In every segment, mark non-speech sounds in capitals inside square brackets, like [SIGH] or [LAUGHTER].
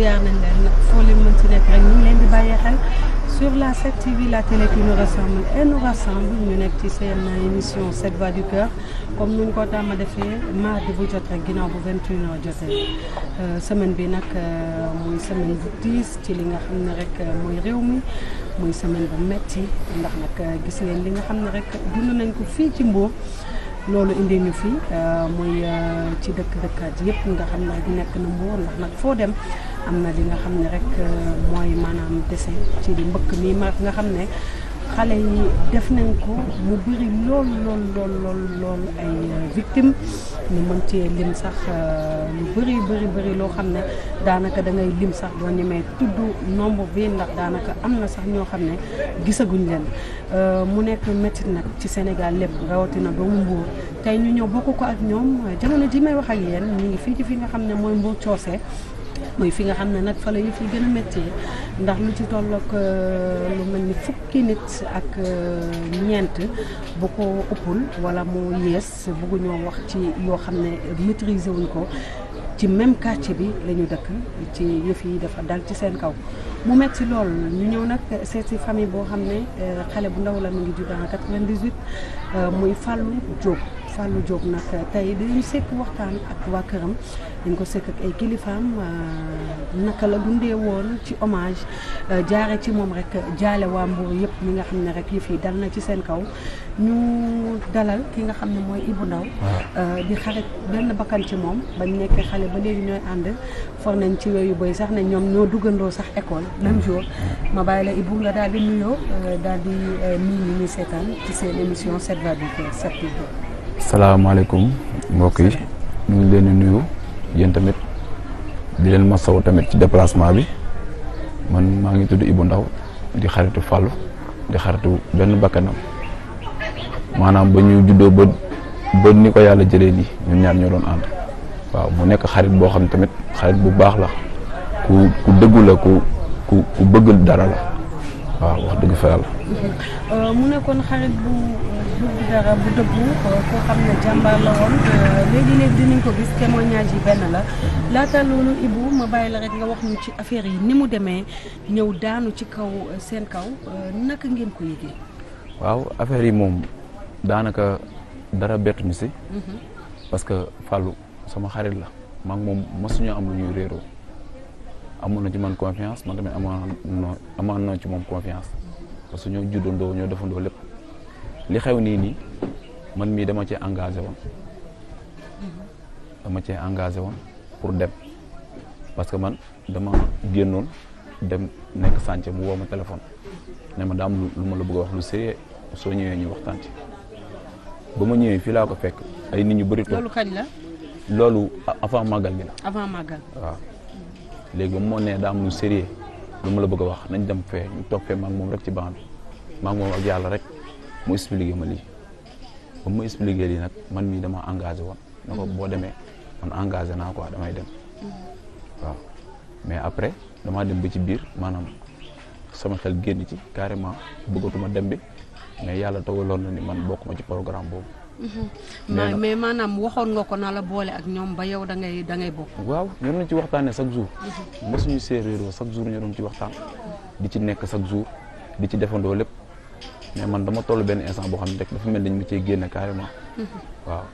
ziar nañ leen nag foo leen mën ci nekk rek ñu ngi leen di bàyyi xel sur la 7 TV la télé qui nous rassemble et nous rassemble ñu nekk ci seen émission 7 voix du cœur comme nu ñu ko tàmm defee mardi bu jot rek ginnaaw bu 21h jotee euh, semaine bi nag euh, muy semaine bu diis ci li nga xam ne rek euh, mooy réew mi muy semaine bu metti ndax nag gis ngeen li nga xam ne rek dund nañ ko fii ci Mbour. loolu indi ñu fi euh, muy euh, ci dëkk dëkkaat yëpp nga xam ne nekk na Mbour ndax nag foo dem am na li nga xam ne rek euh, mooy maanaam dese ci mbëkk mi ma nga xam ne xale yi def nañ ko mu bëri lool lool lool lool lool ay victimes ñu mën cee lim sax euh, lu bëri bëri bëri loo xam ne daanaka da ngay lim sax doo ñemee tudd nombre bi ndax daanaka am na sax ñoo xam ne gisaguñ leen euh, mu nekk métti nag ci Sénégal lépp rawatina doomu Mbour tey ñu ñëw bokk ko ak ñoom jamono ji may wax ak yéen ñu ngi fii ci fi nga xam ne mooy Mbour coosee muy fi nga xam ne nag fa la yëf yi gën a métti ndax lu ci tolloog euh, lu mel ni fukki nit ak euh, ñeent bu ko ëppul wala mu yées bëgguñoo wax ci yoo xam ne maîtriser wuñ ko ci même quartier bi la ñu dëkk ci yëf yi dafa dal ci seen kaw mu metti lool ñu ñëw nag seet si famille boo xam ne euh, xale bu ndaw la mu ngi judd en 98 muy Fallou Diop. Fallou Diop nag euh, tey dañu sekk waxtaan ak waa këram dañ ko sekk ak ay kilifaam naka la dundee woon ci hommage euh, jaare ci moom rek jaale waa Mbour yëpp ñi nga xam ne rek yëf yi dal na ci seen kaw ñu dalal ki nga xam ne mooy ibu Ndaw ah. euh, di xarit benn bakkan ci moom bañ nekk xale ba léegi ñooy ànd for nañ ci yu boy sax ne ñoom ñoo duggandoo sax école même hmm. jour ma bàyyi la Ibou nga daal di nuyoo daal di nuyu ñi seetaan ci seen émission 7 va set 7 salaamaaleykum mbokk yi mu ngi leen di nuyu yéen tamit di leen masawu tamit ci déplacement bi man maa ngi tudd ibu Ndaw di xaritu Fallou di xaritu benn bakkanam maanaam ba ñu juddoo ba ba ni ko yàlla jëlee nii ñun ñaar ñoo doon ànd waaw mu nekk xarit boo xam tamit xarit bu baax la ku ku dëggu la ku ku ku bëgg dara la. waaw wax dëgg fa yàlla. Euh, mu nekkoon xarit bu bu dara bu dëggu euh, koo xam ne jàmbaar la woon léegi-léegi dinañ ko gis témoignage yi benn la laata loolu Ibou ma bàyyi la rek nga wax ñu ci affaire yi ni mu demee ñëw daanu ci kaw euh, seen kaw naka ngeen ko yëgee. waaw affaire yi moom daanaka dara bett mi si. Mhm. parce que Fallou sama xarit la maa ngi moom mosuñu am lu ñuy réeroo. amoon na ci man confiance man tamit amaan na amaan na ci moom confiance parce que ñoo juddandoo ñoo defandoo lépp li xew nii nii man mii dama cee engagé woon dama cee engagé woon pour dem parce que man dama génnoon dem nekk chantier mu woo ma téléphone ne daam lu ma la bëgg wax lu sérieux soo ñëwee ñu waxtaan ci ba ma ñëwee fii laa ko fekk ay nit ñu bëri. loolu kañ la. loolu avant màggal gi la. avant màggal waaw. léegi ba moo nee daam am lu lu ma la bëgg a wax nañ dem fee ñu toog fee maag moom rek ci banc bi maag moom ak yàlla rek mu expliqué ma lii ba mu expliqué lii nag man mii dama engagé woon na boo demee man engagé naa quoi damay dem waaw mais après damaa dem ba ci biir maanaam sama xel génn ci carrément bëggatuma dem bi mais yàlla loolu na ni man bokk ma ci programme boobu Mm-hmm. mais maanaam waxoon nga ko na la boole ak ñoom ba yow da ngay da ngay bokk. waaw ñoo doon ci waxtaanee chaque jour. Mm-hmm. mosuñu séeréeroo chaque jour ñoo doon ci waxtaan. di ci nekk chaque jour di ci defandoo lépp mais man dama toll benn instant boo xam ne rek dafa mel dañ ma cee génne carrément. Mm-hmm. waaw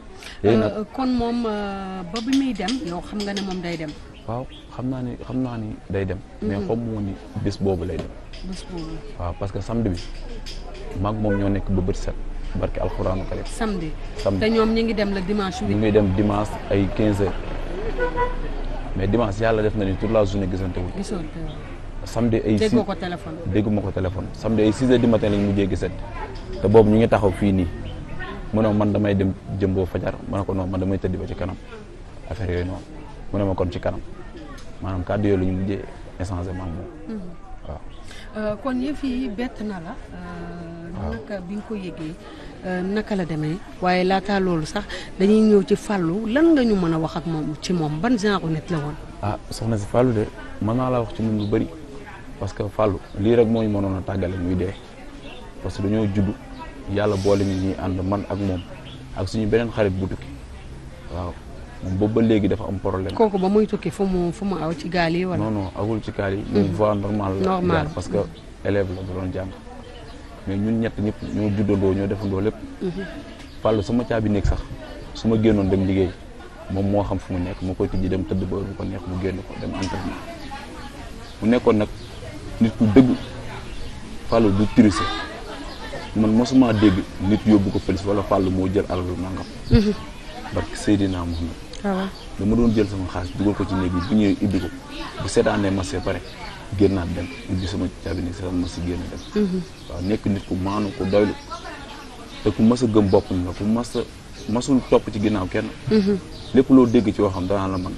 léegi nag euh, kon moom euh, ba bi muy xam nga ne moom day dem. waaw xam naa ni xam naa ni day dem. mais xam moo ni bés boobu lay dem. bés boobu waaw parce que samedi bi maag moom ñoo nekk ba bët set. barki alxuraanu karim. samedi samedi te ñoom ñi ngi dem la dimanche. ñu ngi dem dimanche ay mais dimanche yàlla def na ni toute la journée gisante wu. samedi ay six déggoo ko téléphone. dégguma ko téléphone samedi ay 6 heures du matin lañ mujjee gisante te boobu ñu ngi taxaw fii nii mu ne man damay dem jëmboo fajar ma ne ko non man damay tëddi ba ci kanam affaire yooyu noonu mu ma kon ci kanam maanaam kàddu yooyu la ñu mujjee échanger man moom. Mm-hmm. waaw euh, kon yëf bett na la. Euh, bi nga ko yëgee. Euh, naka la demee waaye laataa loolu sax dañuy ñëw ci fàllu lan nga ñu mën a wax ak moom ci moom ban genre nit la woon. Ah, soxna si Fallou de mën naa la wax ci ñun lu bari parce que Fallou lii rek moo ñu mënoon a tàggale ñuy dee parce que dañoo judd yàlla boole ñu ñuy ànd man ak moom ak suñu beneen xarit bu tukki waaw moom boobu ba léegi dafa am problème. kooku ba muy tukki fu mu fu mu aw ci gaal yi wala. non awul ci gaal yi. une voie normale la. parce que élève la doon jàng. mais ñun ñett ñëpp ñoo juddandoo ñoo defandoo lépp. Mm-hmm. Fallou sama caabi néeg sax su ma génnoon dem liggéey moom moo xam fu mu nekk moo koy tijji dem tëdd ba bu ko neex mu génn ko dem entraînement mu nekkoon nag nit ku dëgg Fallou du tricher man mosuma dégg nit yóbbu ko police wala Fallou moo jël alalu nangam. Mm-hmm. barke Seydina Mouhamed. waaw ah dama doon jël sama xaalis dugal ko ci néeg bi bu ñëwee ibbi ko bu seetaanee ma see pare génnaat dem ubbi sama caabi nekk sama ma si génn dem waaw nekk nit ku maanu ku doylu te ku mas a gëm boppam la ku mas a masul topp ci ginnaaw kenn mm-hmm. lépp loo dégg ci waxam danaa la man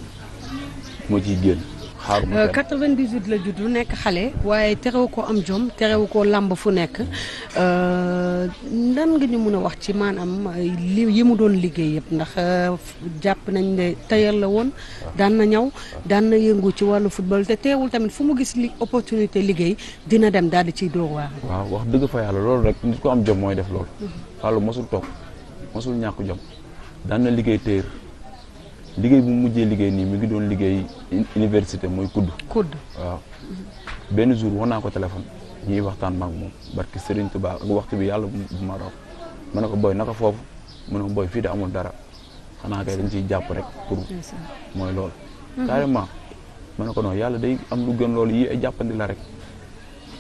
moo ci génn 98 euh, la judd nekk xale waaye terewu ko am jom terewu ko làmb fu nekk nan euh, nga ñu mun a wax ci maanaam li yi mu doon liggéey yëpp ndax euh, jàpp nañ ne tayal la woon daan na ñaw daan na yëngu ci wàllu football te teewul tamit fu mu gis li opportunité liggéey dina dem daal di ciy dóor waar. waaw wax dëgg fa yàlla loolu rek nit ko am jom mooy def lool mhm. Fallou mosul toog mosul ñàkk jom daan na liggéey téer liggéey bi mu mujjee liggéey nii mu ngi doon liggéey université mooy kudd kudd waaw benn jour wax naa ko téléphone ñuy waxtaan maag moom barki Serigne Touba ak waxtu bi yàlla bu ma raw ma ne ko boy naka foofu mu ne ko boy fii de amul dara xanaa kay dañ ciy jàpp rek pour mooy lool mhm. carrément ma ne ko non yàlla day am lu gën loolu yi ay jàppandi la rek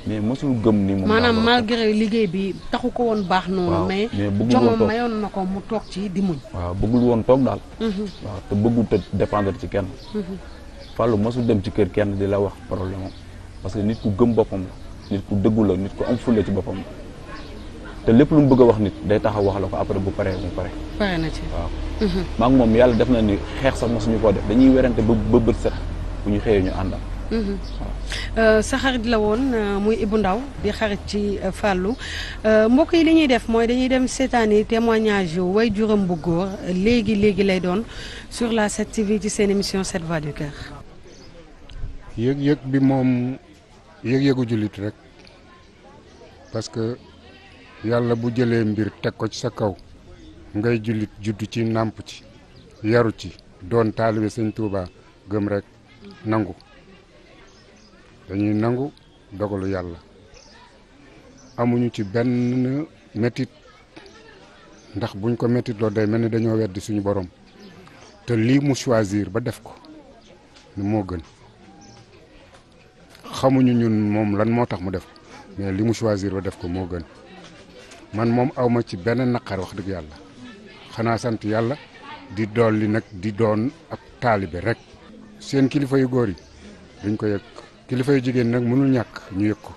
mais mosul gëm ni moom maanaam malgré liggéey bi taxu ko woon baax noonu mais jomam mayoon na ko mu toog ci di muñ waaw bëggul woon toog daal mhm. waaw te bëggul te dépendre ci kenn mhm. Fallou masul dem ci kër kenn di la wax problème parce que nit ku gëm boppam la nit ku dëggu nit ku am fulla ci boppam la te lépp lu mu bëgg a wax nit day taxaw wax la ko après bu paree bu pare pare na ci waaw mhm. maa moom yàlla def na ni xeex sax suñu koo def dañuy werante ba bët set bu ñu xëyee ñu àndal Euh, sa xarit la woon euh, muy Ibou Ndaw di xarit ci euh, Fallou mbokk yi li ñuy def mooy dañuy dem seetaani témoignage yu way juróom bu góor léegi léegi lay doon sur la 7 vie ci seen émission 7 voix du cœur. yëg bi moom yëg-yëgu jullit rek parce que yàlla bu jëlee mbir teg ko ci sa kaw ngay jullit juddu ci nàmp ci yaru ci doon taalibe Sëñ Tuubaa gëm rek nangu. dañuy nangu dogalu yàlla amuñu ci benn métit ndax buñ ko métit loolu day mel ni dañoo weddi suñu borom te lii mu choisir ba def ko moo gën xamuñu moom lan moo tax mu def mais li mu choisir ba def ko moo gën man moom awma ci benn naqar wax dëgg yàlla xanaa sant yàlla di dolli nag di doon ab taalibe rek seen kilifa yu góor yi duñ ko yëg kilifa kilifay jigéen nag mënul ñàkk ñu yëg ko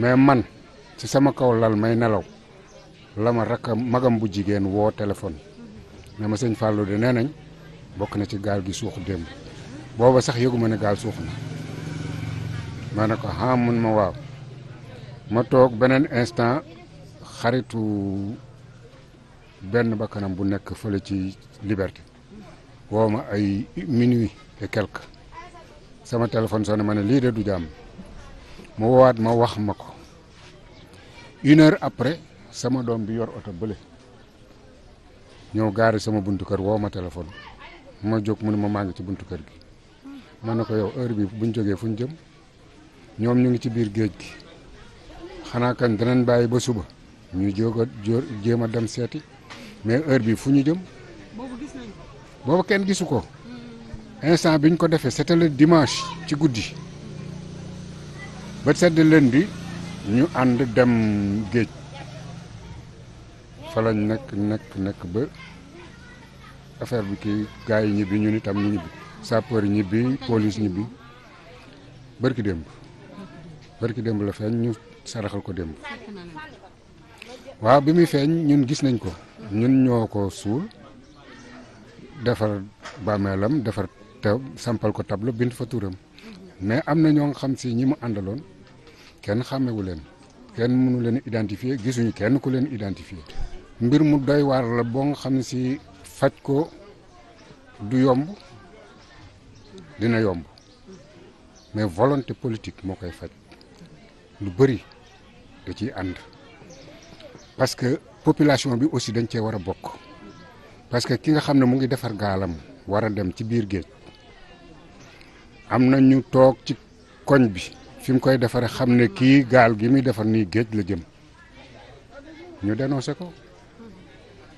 mais man ci sama kaw lal may nelaw lama ma magam bu jigéen woo téléphone ne ma sëñ Fallou de nee nañ bokk na ci gaal gi suux démb booba sax yëguma ne gaal suux na ma ne ko ah mën ma waaw ma toog beneen instant xaritu benn bakkanam bu nekk fële ci liberté woo ma ay minuit et quelque sama téléphone sonné ma ne lii de du jàmm mu woowaat ma wax ma ko une heure après sama doom bi yor oto bële ñëw gaar sama buntu kër woo ma téléphone ma jóg mu ne ma maa ngi ci buntu kër gi ma ne ko yow heure bi buñ jógee fu ñu jëm ñoom ñu ngi ci biir géej gi xanaa kan danañ bàyyi ba suba ñu jóg a jéem a dem seeti mais heure bi fu ñu jëm boobu kenn gisu ko instant bi ñu ko defee c'était le dimanche ci guddi ba sedd lundi ñu ànd dem géej fa lañ nekk nekk nekk ba affaire bi kii gars yi ñibbi ñu ni tam ñibbi sapeur ñibbi police ñibbi bërki démb bërki démb la feeñ ñu saraxal ko démb waaw bi muy feeñ ñun gis nañ ko ñun ñoo ko suul defar bàmmeelam defar te sampal ko tableau bind fa turam mais am na ñoo xam si ñi mu àndaloon kenn xàmmewu leen kenn mënu leen identifier gisuñu kenn ku leen identifier. mbir mu doy waar la boo nga xam si faj ko du yomb dina yomb mais volonté politique moo koy faj lu bëri da ciy ànd parce que population bi aussi dañ cee war a bokk parce que ki nga xam ne mu ngi defar gaalam war a dem ci biir géej am na ñu toog ci koñ bi fi mu koy defaree xam ne kii gaal gi muy defar nii géej la jëm ñu dénoncé ko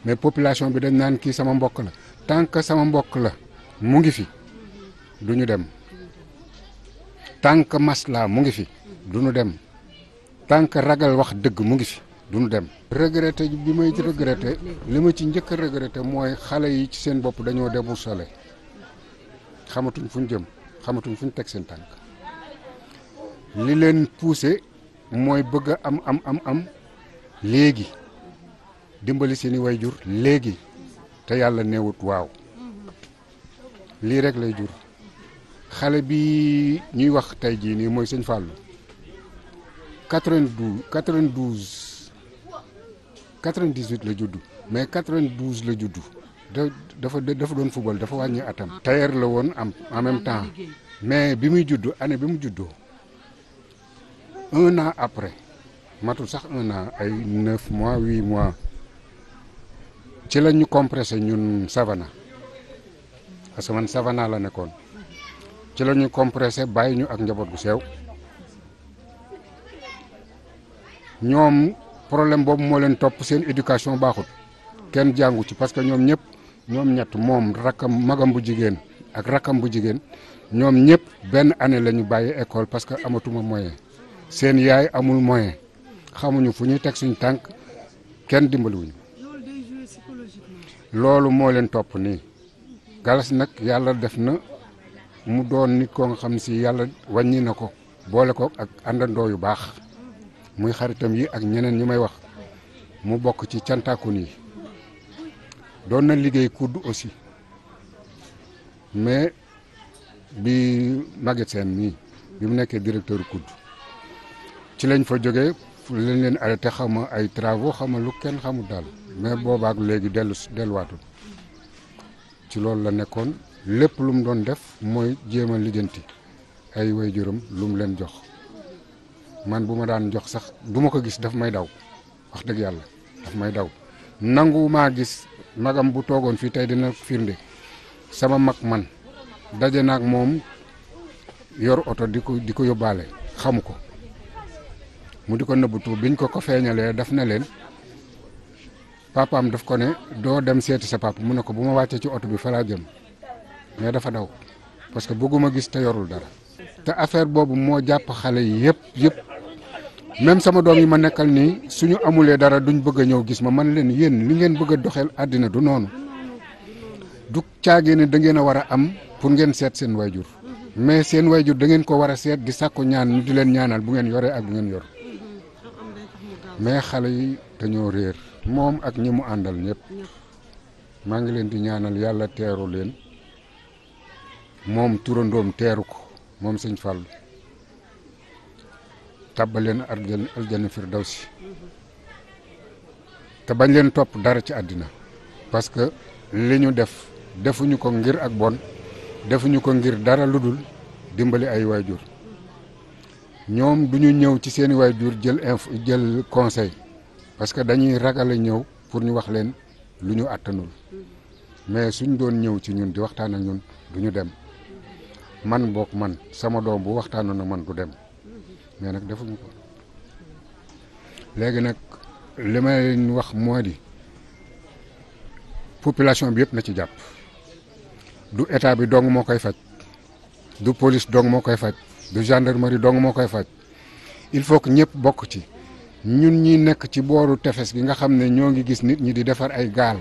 mais population bi dañ naan kii sama mbokk la tant que sama mbokk la mu ngi fi duñu dem tant que masla mu ngi fi du ñu dem tant que ragal wax dëgg mu ngi fi du ñu dem. regretté bi may regretté li ma ci njëkk a mooy xale yi ci seen bopp dañoo sole xamatuñ fu ñu jëm. xamatuñ fu ñu teg seen tànk li leen poussé mooy bëgg a am am am am léegi dimbali seeni jur léegi te yàlla neewut waaw lii rek lay jur xale bi ñuy wax tey jii nii mooy sëñ Fallou 92 92 98 la juddu mais 92 la juddu dafa dafa doon football dafa wàññi atam. tailleur la woon am en même temps mais bi muy juddu année bi mu juddoo un an après matul sax un ay neuf mois huit mois ci la ñu compressé ñun Savana parce que man Savana la nekkoon ci la ñu compressé bàyyi ñu ak njaboot gu sew ñoom problème boobu moo leen topp seen éducation baaxut kenn jàngu ci parce que ñoom ñëpp. ñoom ñett moom rakkam magam bu jigéen ak rakkam bu jigéen ñoom ñëpp benn année la ñu bàyyi école parce que amatuma moyen seen yaay amul moyen xamuñu fu ñuy teg suñu tànk kenn dimbaliwuñu loolu moo leen topp nii galas nag yàlla def na mu doon nit koo nga xam si yàlla wàññi na ko boole ko ak àndandoo yu baax muy xaritam yi ak ñeneen ñi may wax mu bokk ci cantaakun yi doon na liggéey kudd aussi mais bi Maguette Sène mii bi mu nekkee directeur kudd ci lañ fa jóge lañ leen arrêté xama ay travaux xama lu kenn xamul daal mais boobaak léegi dellu delluwaatu ci loolu la nekkoon lépp lu mu doon def mooy jéem a lijjanti ay waajuram lu mu leen jox man bu ma daan jox sax du ma ko gis daf may daw wax dëgg yàlla daf may daw nangu maa gis magam bu toogoon fii tey dina firnde sama mag man daje naag moom yor oto di ko di ko yóbbaale xamu ko mu di ko nëbbutu biñ ko ko feeñalee daf na leen papaam daf ko ne doo dem seeti sa papa mu ne ko bu ma wàccee ci oto bi fa laa jëm mais dafa daw parce que bëgguma gis te yorul dara te affaire boobu moo jàpp xale yi yëpp yëpp même sama doom yi ma nekkal nii suñu amulee dara duñ bëgg a ñëw gis ma man leen yéen li ngeen bëgg a doxeel àddina du noonu du caagee ne da ngeen a war a am pour ngeen seet seen wayjur mais seen wayjur da ngeen ko war a seet di sàkku ñaan di leen ñaanal bu ngeen yoree ak bu ngeen yor mais xale yi dañoo réer moom ak ñi mu àndal ñëpp maa ngi leen di ñaanal yàlla teeru leen moom turandoom teeru ko moom sëñ Fallou tàbbal leen arjana aljana firdawsi te bañ leen topp dara ci àddina parce que li ñu def defuñu ko ngir ak bon defuñu ko ngir dara lu dul dimbali ay waajur ñoom du ñu ñëw ci seeni waajur jël info jël conseil parce que dañuy ragale ñëw pour ñu wax leen lu ñu àttanul mais suñ doon ñëw ci ñun di waxtaan ak ñun du ñu dem man bokk man sama doom bu waxtaanoon ak man du dem mais nag defuñu ko léegi nag li ma leen wax moo di population bi yëpp na ci jàpp du état bi dong moo koy faj du police dong moo koy faj du gendarmerie dong moo koy faj il faut que ñëpp bokk ci ñun ñi nekk ci booru tefes gi nga xam ne ñoo ngi gis nit ñi di defar ay gaal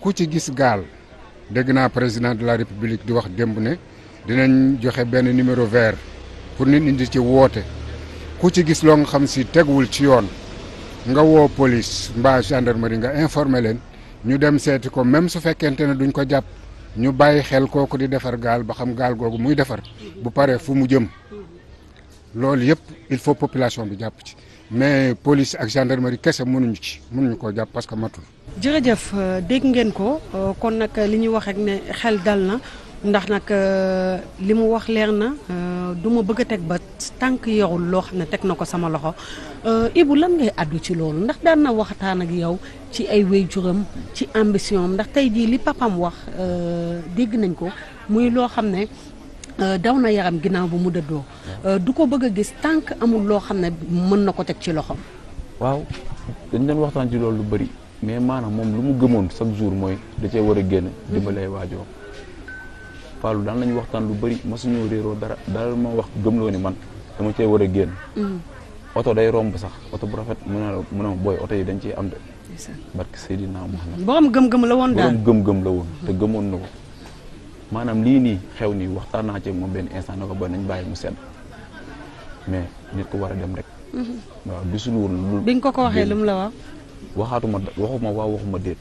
ku ci gis gaal dégg naa président de la république di wax démb ne dinañ joxe benn numéro vert pour nit ñi di ci woote ku ci gis loo nga xam si teguwul ci yoon nga woo police mbaa gendarmerie nga informer leen ñu dem seeti ko même su fekkente ne duñ ko jàpp ñu bàyyi xel kooku di defar gaal ba xam gaal googu muy defar bu paree fu mu jëm loolu yëpp il faut population bi jàpp ci mais police ak gendarmerie kese mënuñu ci mënuñu koo jàpp parce que matul. jërëjëf dégg ngeen ko kon nag li ñu wax rek ne xel dal na. ndax nag euh, li mu wax leer na euh, du ma bëgg teg ba tànk yorul loo xam ne teg na ko sama loxo euh, Ibou lan ngay àddu ci loolu ndax daan na waxtaan ak yow ci ay waajuram ci ambition ndax tey jii li papam wax dégg nañ ko muy loo xam ne daw na yaram ginnaaw bu mu dëddoo du ko bëgg a gis tànk amul loo xam ne mën na ko teg ci loxo. waaw dañ doon waxtaan ci loolu lu bari mais maanaam moom lu mu gëmoon chaque jour mooy da war a génn mm-hmm. dimbalay waajoo Fallou daan nañu waxtaan lu bëri mosuñu réeroo dara daal ma wax gëmloo ni man dama cee war a génn. Mm-hmm. oto day romb sax oto bu rafet mu ne la mu ne booy oto yi dañ ciy am de. barke Seydina Muhammad. borom gëm-gëm la woon daal gëm-gëm la woon. te gëmoon na ko maanaam lii nii xew nii waxtaan naa ci moom benn instant na ko ba nañ bàyyi mu sedd mais nit ko war a dem rek. Mm-hmm. waaw gisul woon. biñ ko ko waxee lu mu la wax. waxaatuma waxuma waaw waxuma déet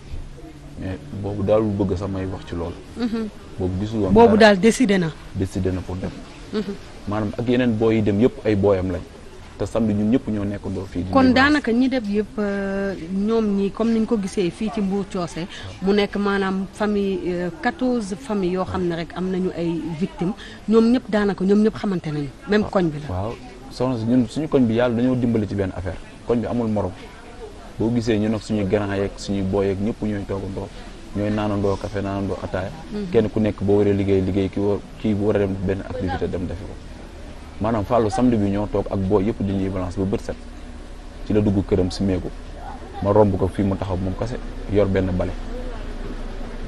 mais boobu daal bëgg samay wax ci loolu. Mm-hmm. boobu gisul boobu daal décidé na. décidé na pour dem. Mhm. maanaam ak yeneen booy yi dem yëpp ay booyam lañ. te samedi ñun ñëpp ñoo nekkandoo fii. kon daanaka ñi dem yëpp euh, ñoom ñi comme niñ ko gisee fii ci Mbour Coose mu nekk maanaam famille 14 euh, famille yoo xam ne rek am nañu ay victimes ñoom ñëpp daanaka ñoom ñëpp xamante nañu. même koñ bi la waaw soo si ñun suñu koñ bi yàlla dañoo dimbali ci benn affaire koñ bi amul morom boo gisee ñu ak suñu grand yeeg suñu booy yeeg ñëpp ñooy toogandoo. ñooy naanandoo café naanandoo ataaya. Hmm. kenn ku nekk boo waree liggéey liggéey ki war kii war a dem benn activité dem defi ko maanaam fàllu samedi bi ñoo toog ak boo yëpp dañuy balance ba bët set ci la dugg këram si meeku ma romb ko fii mu taxaw moom kase yor benn bale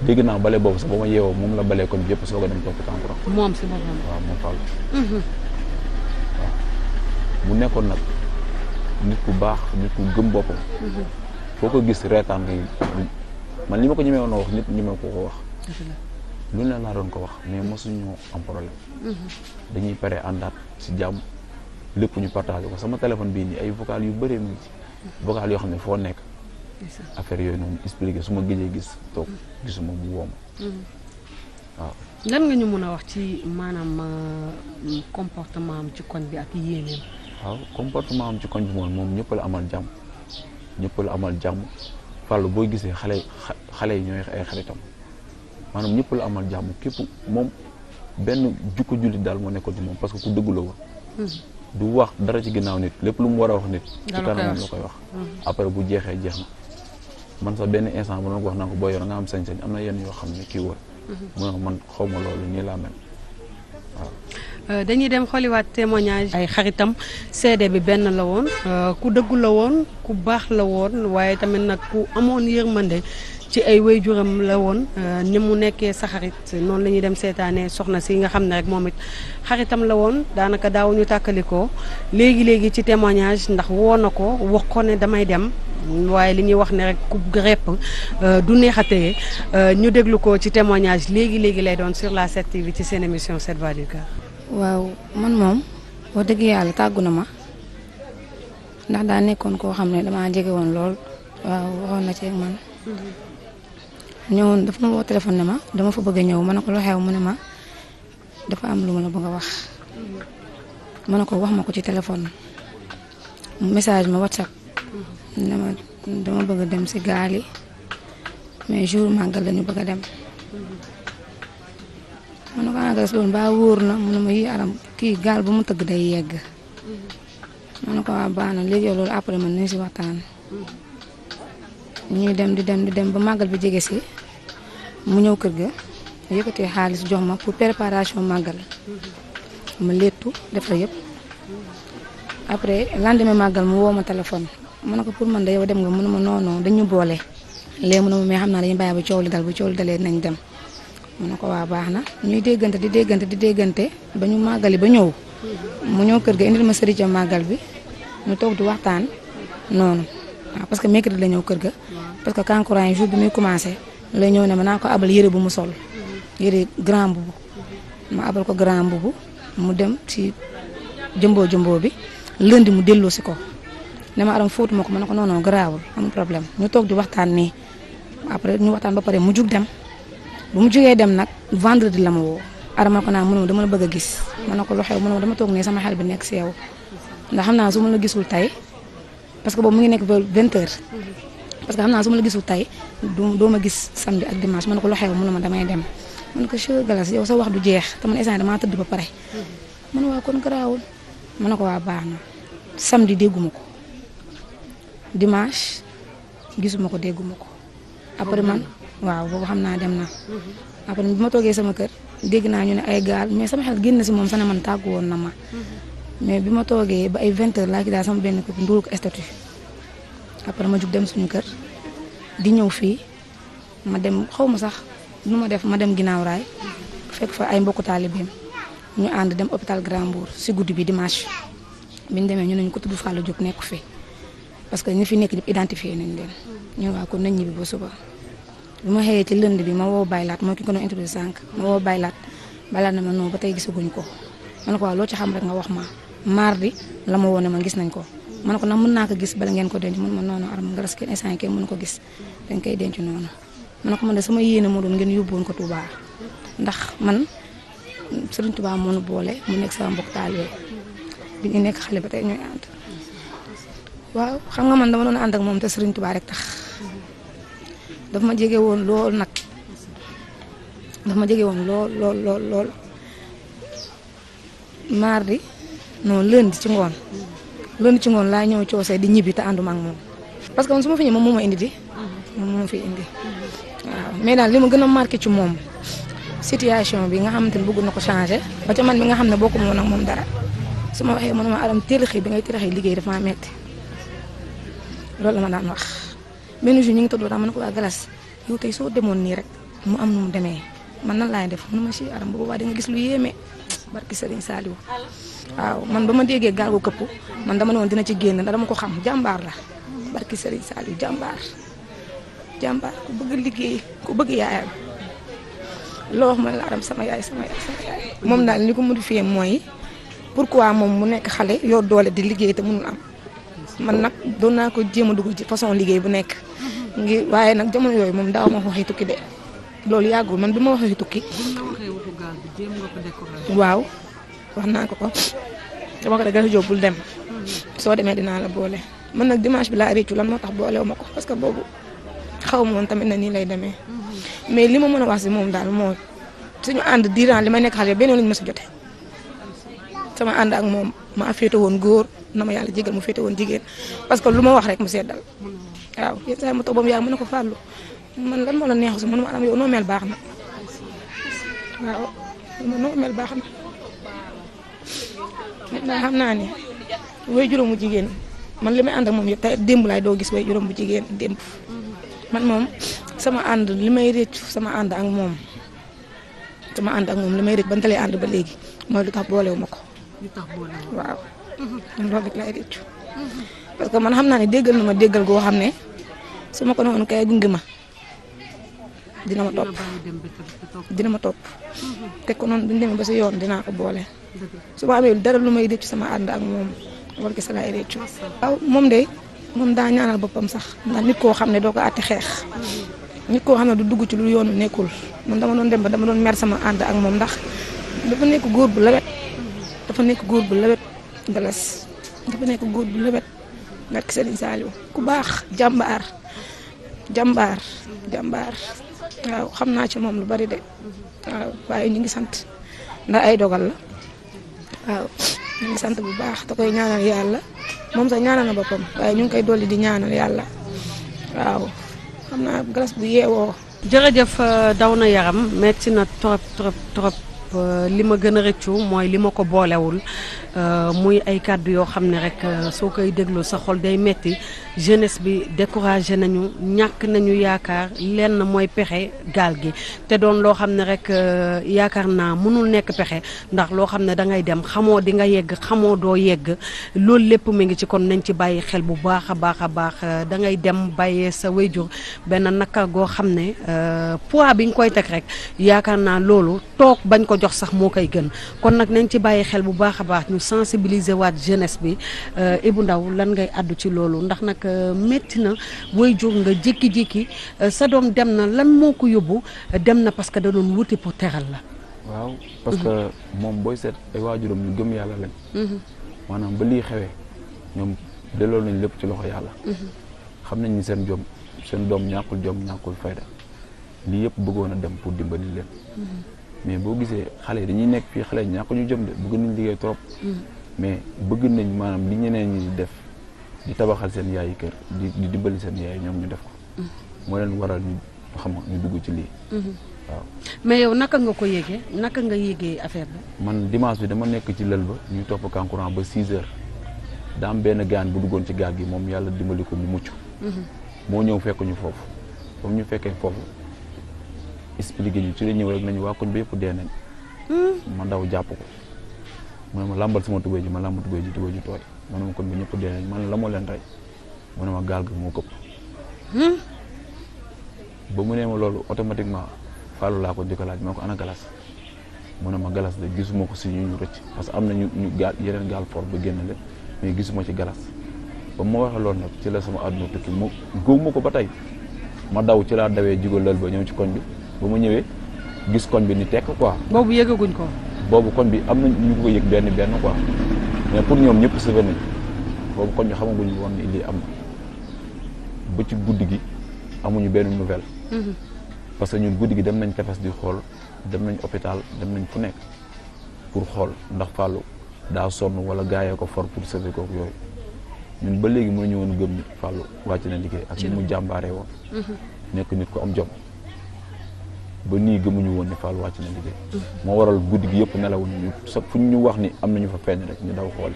dégg naa bale boobu sax ba ma yeewoo moom la balee koñ yépp yëpp soo ko dem topp tànkuram moom si boppam waaw mm-hmm. nekkoon nag nit ku baax nit ku gëm boppam mm-hmm. foo ko gis reetaan ngay man li ma ko ñemee woon a wax ñëpp ñemee ko ko wax. lu ne laa doon ko wax mais mosuñu am problème. Mm-hmm. dañuy pare àndaat si jàmm lépp ñu portale ko sama téléphone bii nii ay vocal yu bëree mu ci mm-hmm. vocal yoo xam ne foo nekk. affaire yooyu noonu expliqué suma ma gis toog mm-hmm. gisuma bu woom waaw. lan nga ñu mën a wax ci maanaam euh, comportement am ci koñ bi ak yéeneem. waaw comportement am ci koñ bi moom moom ñëpp la amal jàmm ñëpp amal jàmm. fàllu booy gisee xale xale yi ñooy ay xaritam maanaam ñëpp la amal jàmm képp moom benn jukko jullit daal moo nekkoon ci moom parce que ku dëggu la hmm. du wax dara ci ginnaaw nit lépp lu mu war a wax nit ci kanamam la koy wax hmm. après bu jeexee jeex na man sax benn instant ma doon ko wax naa ko boo yor nga am sañ-sañ am na yenn yoo xam ne kii wër hmm. mu ne man xaw ma loolu nii laa mel Euh, dañuy dem xooliwaat témoignage ay xaritam seede bi benn la woon euh, ku dëggu la woon ku baax la woon waaye tamit nag ku amoon yërmande ci ay waajuram la woon euh, ni mu nekkee sa xarit noonu la ñuy dem seetaanee soxna si nga xam ne rek moom it xaritam la woon daanaka daawuñu tàkkalikoo léegi léegi ci témoignage ndax woo na ko wax ko ne damay dem waaye li ñuy wax ne rek ku repp du neexate ñu déglu ko ci témoignage léegi léegi lay doon sur la 7 bi ci seen émission 7 waaw man moom wax dëgg yàlla tàggu na ma ndax daa nekkoon koo xam ne damaa jege woon lool waaw waxoon na ci man. Mm-hmm. ñëwoon dafa ma woo téléphone ne ma dama fa bëgg a ñëw ma ne ko loxew mu ne ma dafa am lu ma la bëgg a wax. Mm-hmm. ma ne ko wax ma ko ci téléphone message ma whatsapp. Mm-hmm. ne ma dama bëgg a dem si gaal yi mais jour màggal la ñu bëgg a dem. ma ne ko ah gas loolu ba wóor na mu ne yii aram kii gaal bu mu tëgg day yegg mun ne ko waa baax na léegi yow loolu après si waxtaan dem di dem di dem ba màggal bi jege si mu ñëw kër ga yëkkatee xaalis jox ma pour préparation màggal ma léttu defar yëpp après lendemain màggal mu woo ma téléphone ma ne ko pour man da yow dem nga mu ne ma non non dañu boole léegi mu ne ma mais xam naa dañu bàyyi ba coow li dal bu coow li dalee nañ dem. mu ne ko waa baax na ñuy déggante di déggante di déggante ba ñu màggali ba ñëw mu ñëw kër ga indil ma sëriñ ca màggal bi ñu toog di waxtaan noonu waaw parce que la ñëw kër ga parce que kankuraan yi jour bi muy commencé la ñëw ne ma naa ko abal yëre bu mu sol yëre grand bubu abal ko grand mu dem ci jëmboo jëmboo bi lënd mu delloo si ko ne ma aram fóotu ko ma ne ko non non garaawul problème ñu toog di waxtaan nii après ñu waxtaan ba pare mu jug dem bu mu jógee dem nag vendredi la ma woo arama ko naa mënuma dama la bëgg a gis man ne ko lu xew mënuma dama toog ne sama xel bi nekk si yow ndax xam naa su ma la gisul tey parce que boobu mu ngi nekk ba vingt parce que xam naa su ma la gisul tey du doo ma gis samedi ak dimanche ma ne ko lu xew mënuma damay dem ma ne ko sa wax du jeex te man instant damaa tëdd ba ma ah, kon garaawul ma ne ko waa baax na samedi dégguma ko dimanche gisuma ko dégguma ko après man waaw boobu xam naa dem na après bi ma toogee sama kër dégg naa ñu ne ay gaal mais sama xel génn si moom sax ne man tàggu woon na ma mais bi ma toogee ba ay vingt heures laa ci daal sama benn copine dugal ko statut après ma jug dem suñu kër di ñëw fii ma dem xaw ma sax nu ma def ma dem ginnaaw raay fekk fa ay mbokku taalibeem ñu ànd dem hôpital si guddi bi dimanche biñ demee ñu ne ñu ko tudd Fallou Diop nekk fi parce que ñi fi nekk ñëpp identifié nañ leen ñu waa kon nañ ñibbi ba suba. bi ma xëyee ci lënd bi ma woo baylaat moo ki ko doon interview sànq ma woo baylaat baylaat na ma non ba tey gisaguñ ko mën ne ko waaw loo ci xam rek nga wax ma mar mardi la ma woone ma gis nañ ko ma ne ko nag mën naa ko gis bala ngeen ko denc mën ma noonu aram nga ras kenn instant ko gis dañ koy denc noonu ma ne ko man de sama yéene moo doon ngeen yóbbuwoon ko Touba ndax man Serigne Touba moo nu boole mu nekk sama mbokk taalibe bi ñu nekk xale ba tey ñooy ànd waaw xam nga man dama doon ànd ak moom te Serigne Touba rek tax daf ma jege woon lool nag daf ma jege woon lool lool lool lool mardi non lundi ci ngoon lundi ci ngoon laa ñëw coosee di ñibbi te ànduma ak moom parce que su ma fi ñëw moom ma indi di moom moo fi indi waaw mais daal li ma gën a marqué ci moom situation bi nga xamante ne bëgg na ko changé ba ca man mi nga xam ne bokkuma woon ak moom dara su ma waxee man a aram teel bi ngay teel xëy liggéey dafa metti loolu la ma daan wax. benn jour ñu ngi toog dootaa ma ne ko waa galas yow tey soo demoon nii rek mu am nu mu demee man nan laay def mënu ma si aram boobu waa da nga gis lu yéeme barki Serigne Saliou waaw man ba ma déggee gaal gu këpp man dama ne woon dina ci génn ndax dama ko xam jàmbaar la barki sëriñ Saliou jàmbaar jàmbaar ku bëgg liggéey ku bëgg yaayam loo wax ma la aram sama yaay sama yaay sama yaay moom daal li ko modifié mooy pour pourquoi moom mu nekk xale yow doole di liggéey te mënul am man nag doon naa ko jéem a dugg ci façon liggéey bu nekk. ngi waaye nag jamono yooyu moom daaw ma waxi tukki de loolu yàggul man bi ma waxi tukki. waaw wax naa ko ko dama ko dëgg jóg bul dem. soo demee dinaa la boole. man nag dimanche bi laa réccu lan moo tax boolewu ma ko parce que boobu xaw ma woon tamit na nii lay demee. mais li ma mën a wax si moom daal moo suñu ànd diiran li may nekk xale beneen lañu mës a jotee. sama ànd ak moom maa féete woon góor. na ma yàlla jégal mu féete woon jigéen parce que lu ma wax rek mu seddal waaw yenn saa yi ma toog ba ko fàllu man lan moo la neexu si man maanaam baax na baax na nit naa xam naa ne jigéen man li may ànd ak moom yëpp démb laay doo gis way juróom bu jigéen démb man moom sama ànd li may rëcc sama ànd ak moom sama ànd ak moom li may rëcc ban talee ànd ba léegi mooy lu tax boolewu ma ko waaw man loolu parce que man xam naa ne déggal na ma goo xam ne su ma ko newoon kay gunge ma dina ma topp dina ma topp mhm. te ko noonu bu ñu ba si yoon dinaa boole su ma amee dara lu may réccu sama ànd ak moom war gis laay réccu waaw moom de moom daa ñaanal boppam sax ndax nit koo xam ne doo ko àtte xeex mhm. nit koo xam ne du dugg ci lu yoonu nekkul man dama doon dem ba dama doon mer sama ànd ak moom ndax dafa nekk góor bu lawet mhm. dafa nekk góor bu lawet galas dafa nekk góor bu lëbët barke Serigne Saliou ku baax jàmbaar jàmbaar jàmbaar waaw xam naa ci moom lu bari de waaw waaye ñu ngi sant ndax ay dogal la waaw ñu ngi sant bu baax da koy ñaanal yàlla moom sax ñaanal na boppam waaye ñu ngi koy dolli di ñaanal yàlla waaw xam naa galas bu yeewoo. jërëjëf euh, daw na yaram metti na trop trop trop. Euh, li ma gën a rëccu mooy li ma ko boolewul euh, muy ay kàddu yoo xam ne rek euh, soo koy déglu sa xol day metti jeunesse bi découragé nañu ñàkk nañu yaakaar lenn mooy pexe gaal gi te doon loo xam ne rek yaakaar naa mënul nekk pexe ndax loo xam ne da ngay dem xamoo di nga yegg xamoo doo yegg loolu lépp mu ngi ci kon nañ ci bàyyi xel bu baax a baax a baax da ngay dem bàyyee sa wéyjur benn naka goo xam ne poids bi nga koy teg rek yaakaar naa loolu toog bañ ko jox sax moo koy gën kon nag nañ ci bàyyi xel bu baax a baax ñu sensibiliser waat jeunesse bi euh, Ibou Ndaw lan ngay àddu ci loolu ndax nag euh, métti na booy jóg nga jékki-jékki euh, sa doom dem na lan moo ko yóbbu dem na parce que da doon wuti pour teral la. waaw parce que mhm. moom booy set ay waajuram ñu gëm yàlla lañ. Mhm. maanaam ba lii xewee ñoom delloo nañ lépp ci loxo yàlla. Mhm. xam nañ ni seen jom seen doom ñàkkul jom ñàkkul fayda lii yëpp bëggoon dem pour dimbali leen. mais boo gisee xale dañuy nekk fii xale ñàkk ñu jëm de bëgg nañ liggéey trop. Mm. mais bëgg nañ maanaam li ñeneen ñi di def di tabaxal seen yaayu kër di di dimbali seen yaay ñoom ñu def ko. Mm. moo leen waral ñu xam ñu dugg ci lii. Mm-hmm. waaw mais yow naka nga ko yéegee naka nga yéegee affaire bi. man dimanche bi dama nekk ci lël ba ñuy topp kankurang ba 6 heures daa benn gaan bu duggoon ci gaal gi moom yàlla dimbali ko mu mucc. Mm-hmm. moo ñëw fekk ñu foofu comme ñu fekkee foofu. expliqué ñu ci la ñëw rek nañu waa koñ bi yëpp dee nañ hmm. ma daw jàpp ko mu ne ma làmbal sama tubéy ji ma làmb tubéy ji tubéy ji tooy mu ne ma koñ bi ñëpp dee ma ne la moo leen rey mu ne ma gaal ga moo këpp hmm. ba mu ne ma loolu automatiquement Fallou laa ko jëkk laaj ma ko ana galas mu ne ma galas de gisuma ko si ñu ñu rëcc parce que am na ñu ñu gaal yeneen gaal fort ba génn leen mais gisuma ci galas ba ma wax loolu nag ci la sama àdduna tukki mu góob ko ba tey ma daw ci laa dawee jigo lël ba ñëw ci koñ bi ba ma ñëwee gis koñ bi ni tekk quoi. boobu yëgaguñ ko. boobu koñ bi am na ñu ko yëg benn benn quoi mais pour ñoom ñëpp sauvé nañ boobu koñ bi xamaguñu woon ni lii am na ba ci guddi gi amuñu benn nouvelle. Mhm. parce que ñun guddi gi dem nañ tefes di xool dem nañ hôpital dem nañ fu nekk pour xool ndax fàllu daa sonn wala gaayee ko for pour sauver kooku yooyu ñun ba léegi mënuñu ñëwoon gëm ni Fallou wàcc na liggéey ak ni mu jàmbaaree woon. Mhm. nekk nit ko am jom. ba nii gëmuñu woon ni Fall wàcc na liggéey. moo waral guddi gi yëpp nelawuñu ñu sa fu ñu wax ni am nañu fa feeñ rek ñu daw xool.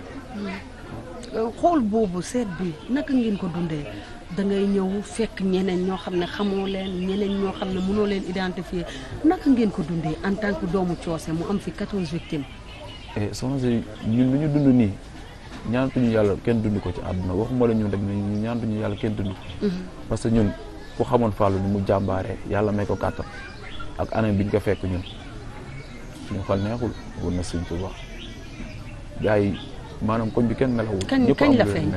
Euh, xool boobu seet bi naka ngeen ko dundee da ngay ñëw fekk ñeneen ñoo xam ne xamoo leen ñeneen ñoo xam ne mënoo leen identifier ngeen ko dundee en tant que doomu coose mu am fi 14 victimes. Eh, soxna si ñun lu ñu dund nii ñaantuñu yàlla kenn dund ko ci àdduna waxuma la ñun rek ne ñu yàlla kenn dund ko. Mhm. parce que ñun ku xamoon Fallou ni mu jàmbaaree yàlla may ko kàttan. ak bi biñ ko fekk ñun suñu xol neexul wër na sëñ Tuuba gars yi maanaam koñ bi kenn melawul. ñëpp kañ la feeñ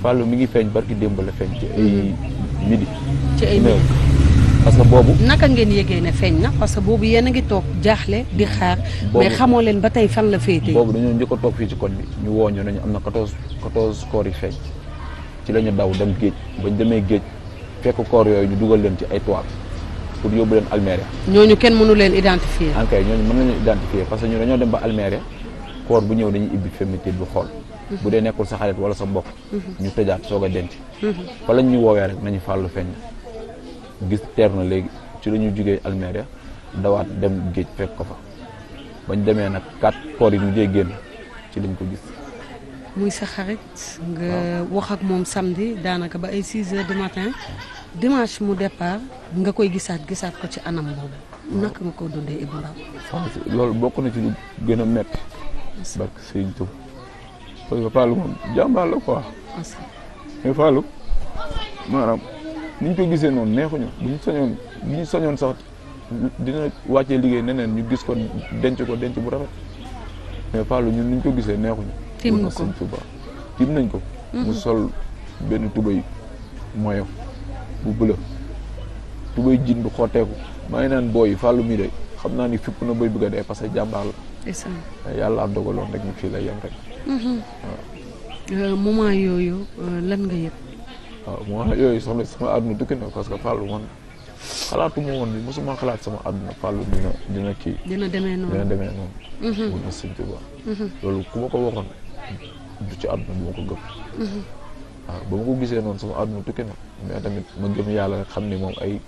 Fallou mu ngi feeñ barki démb la feeñ ci ay midi. ci ay midi parce que boobu. naka ngeen yëgee ne feeñ na parce que boobu yéen a ngi toog jaaxle di xaar. mais xamoo leen ba tey fan la féetee. boobu dañoo njëkk a toog fii ci koñ bi ñu woo nañu am na 14 14 koor yi feeñ ci lañu ñu daw dem géej bañ demee géej fekk koor yooyu ñu dugal leen ci ay toile. pour yóbbu leen Almeria. ñooñu kenn mënu leen identifier. en tout ñooñu mën nañu identifier parce que ñu dañoo dem ba Almeria koor bu ñëw dañuy ibbi féminité bu xool. Mhm. bu dee nekkul sa xarit wala sa mbokk. Mhm. ñu tëjaat soog a denc. Mhm. fa lañ ñu woowee rek nañu fàllu feeñ. gis teer na léegi ci la ñuy jugee Almeria dawaat dem géej fekk ko fa bañ demee nag quatre koor yi ñu jee génn ci lañ ko gis. muy sa xarit. nga wax ak moom samedi daanaka ba ay 6 heures du dimanche mu départ nga koy gisaat gisaat ko ci anam boobu. naka nga ko dundee Ibou Ndaw. loolu bokk na ci lu gën a métti. barke Sëriñ Tuuba parce que Fallou moom jàmbaar la quoi. mais Fallou maanaam ni ko gisee noonu neexuñu bu ñu sañoon bu ñu sañoon sax dina wàccee liggéey neneen ñu gis ko denc ko denc bu rafet mais Fallou ñun ni ko gisee neexuñu. tim na ko Sëriñ nañ ko. Mm-hmm. mu sol benn tubay moyo. bu bleu tubay jin bu xotteeku maa ngi naan booy fàllu mi de xam naa ni fipp na bay bëgg a dee parce que jàmbaar la yàlla dogaloon rek ñu fii la yem rek mm-hmm. waaw euh, moment yooyu euh, lan nga yëg waaw moment yooyu soxna sama àdduna dukki na parce que fàllu man xalaatu ma woon ni mosuma xalaat sama àdduna fàllu dina dina kii dina demee noonu mm-hmm. mm-hmm. loolu ku ma ko waxoon du ci àdduna boo ko gëm waaw ah, ba ma ko gisee noonu sama àdduna tukki na mais tamit ma gëm yàlla rek xam ni moom ay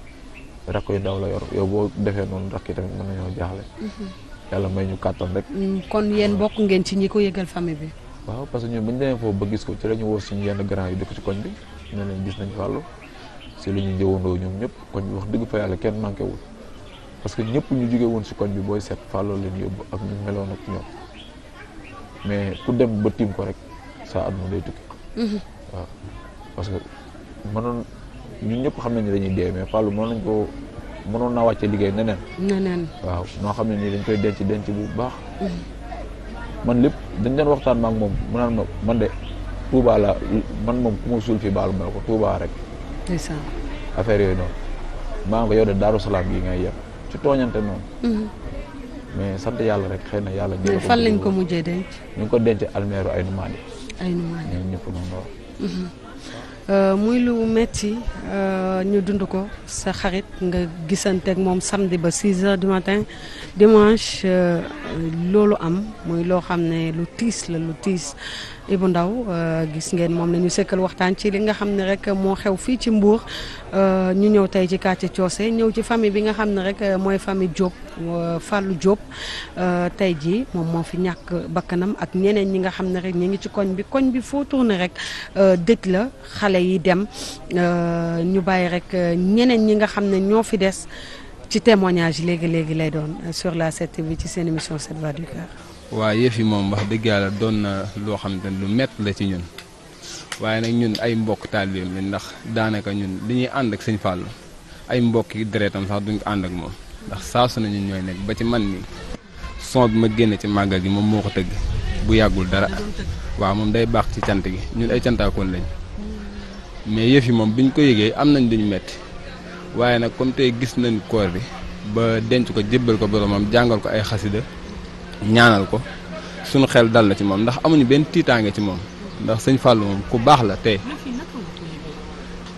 rakk yu ndaw la yor yow boo defee noonu rakk yi tamit mën nañoo jaaxle. Mhm. yàlla may ñu kàttan rek. Mm, kon yéen bokk ngeen ci ñi ko yëgal famille bi. waaw parce que ñun bu ñu demee foofu ba gis ko ci la ñu woo suñu yenn grand yu gis nañ fàllu si la ñuy jëwandoo ñoom ñëpp koñ bi wax dëgg fa yàlla kenn manqué wul parce que ñëpp ñu jóge woon si koñ bi booy seet fàlloo leen yóbbu ak ñu meloon ak ñoom mais ku dem ba tiim ko rek sa àdduna day waaw parce que mënoon ñun ñëpp xam nañu dañuy dee mais Fallou mënoon nañ ko mënoon naa wàcce liggéey neneen neneen waaw noo xam ne nii dañ koy denc denc bu baax mm-hmm. man lépp dañ doon waxtaan maak moom mu naan man de Touba la man moom ku ma fi baal ma ko Touba rek ndeysaan affaire yooyu noonu maa ngi ko yow de Daaru Salaam ngay yem ci tooñante noonu mm-hmm. mais sant yàlla rek xëy na yàlla fan lañ ko mujjee denc ñu ngi ko denc almeeru ay numaani ay numaani ñoom ñëpp noonu Euh, muy lu metti euh, ñu dund ko sa xarit nga gisante ak moom samedi ba 6 heures du matin dimanche euh, loolu am muy loo xam ne lu tiis la lu tiis Ibou Ndaw euh, gis ngeen moom la sekkal waxtaan ci li nga xam ne rek moo xew fii ci Mbour euh, ñu ñëw tey ci quartier Coose ñëw ci famille bi nga xam ne rek euh, mooy famille Diop Fallou Diop tey jii moom moo fi ñàkk bakkanam ak ñeneen ñi nga xam ne rek ñu ngi ci koñ bi koñ bi foo tourné rek dëj la xale yi dem ñu bàyyi rek ñeneen ñi nga xam ne ñoo fi des ci témoignage léegi léegi lay doon sur la 7 bi ci seen émission 7 voix waa yëf yi moom wax dëgg yàlla doon na loo xam ne lu mett la ci ñun waaye nag ñun ay mbokk taalibeem la ndax daanaka ñun li ñuy ànd ak sëñ Fallou ay mbokk yi deretam sax duñ ko ànd ak moom ndax saasu nañu ñooy nekk ba ci man ni son bi ma génne ci màggal gi moom moo ko tëgg bu yàggul dara waaw moom day baax ci cant gi ñun ay cantaakoon lañ mais yëf yi moom biñ ko yëgee am nañ duñu metti waaye nag comme tey gis nañ koor bi ba denc ko jëbbal ko boromam jàngal ko ay xasida ñaanal ko sunu xel dal na ci moom ndax amuñu benn tiitaange ci moom ndax sëñ fàll moom ku baax la tey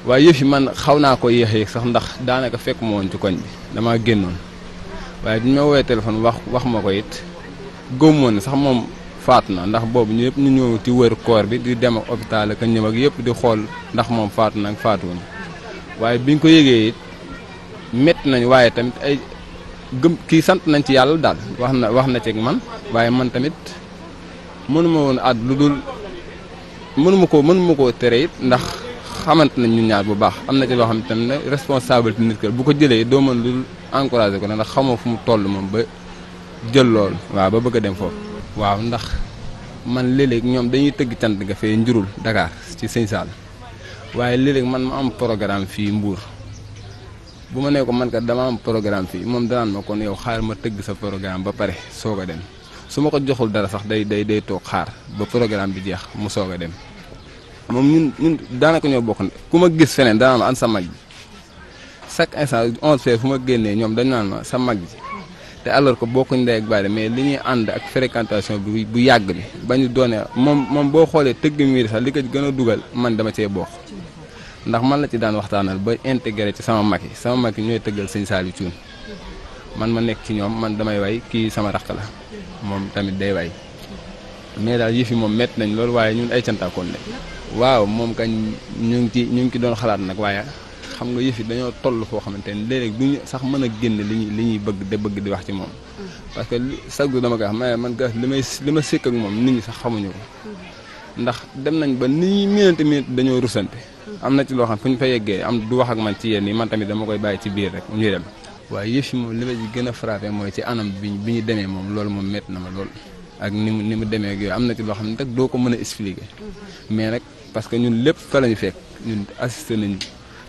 waaye yëf yi man xaw naa ko yéex yéeg sax ndax daanaka fekk ma woon ci koñ bi damaa génnoon waaye duñ ma woowee téléphone wax wax ma ko it góomoon ne sax moom faatu na ndax boobu ñu yëpp ñu ñëw ci wër koor bi di dem ak hôpital ak ñëw ak yëpp di xool ndax moom faatu na ak faatuwuñu waaye biñ ko yëgee it métti nañu waaye tamit ay gëm kii sant nañ ci yàlla daal wax na wax na ci man waaye man tamit mënuma woon at lu dul mënuma ko mënuma ko tere it ndax xamante nañ ñu ñaar bu baax am na ci loo xam tamit ne responsabilité nit ki bu ko jëlee doo mën lu dul encouragé ko ne ndax xamoo fu mu tollu moom ba jël lool waaw ba bëgg a dem foofu waaw ndax man léeg ñoom dañuy tëgg cant nga fee njurul Dakar ci Sëñ Saal waaye léeg man ma am programme fii Mbour bu ma nee ko man kat dama am programme fii moom danaan ma kon yow xaar ma tëgg sa programme ba pare soog a dem su ma ko joxul dara sax day day day toog xaar ba programme bi jeex mu soog dem moom ñun ñun daanaka ñoo bokk ku ma gis feneen danaan ma an sa mag ji chaque instant onze fee fu ma génnee ñoom dañ naan sa mag ji te alors que bokkuñ ndey ak baay mais li ñuy ànd ak fréquentation bi bu yàgg bi ba ñu doonee moom moom boo xoolee tëgg miir sax li gën a dugal man dama cee bokk ndax man la ci daan waxtaanal ba intégré ci sama mag yi sama mag yi ñooy tëggal sëñ Saliou Thioune man ma nekk ci ñoom man damay way kii sama raxta la moom tamit day way mais daal yëf yi moom métti nañ loolu waaye ñun ay cantaakoon waaw moom kañ ñu ngi ci ñu ngi ci doon xalaat nag waaye xam nga yëf yi dañoo toll foo xamante ni léeg-léeg du ñu sax mën a génn li ñuy li ñuy bëgg de bëgg di wax ci moom mm. parce que chaque dama koy wax man gas li may li ma sékk ak moom nit ñi sax xamuñu ko mm-hmm. ndax dem nañ ba ni minute minute dañoo rusante am na ci loo xam fu ñu fa yeggee am du wax ak man ci yéen yi man tamit dama koy bàyyi ci biir rek ñuy dem waaye yëf yi moom li ma ci gën a mooy ci anam bi bi ñu demee moom loolu moom métti na ma lool ak ni mu ni mu demee ak am na ci loo xam ne nag doo ko mën a expliquer mm-hmm. mais nag parce que ñun lépp fa lañu fekk ñun assisté nañ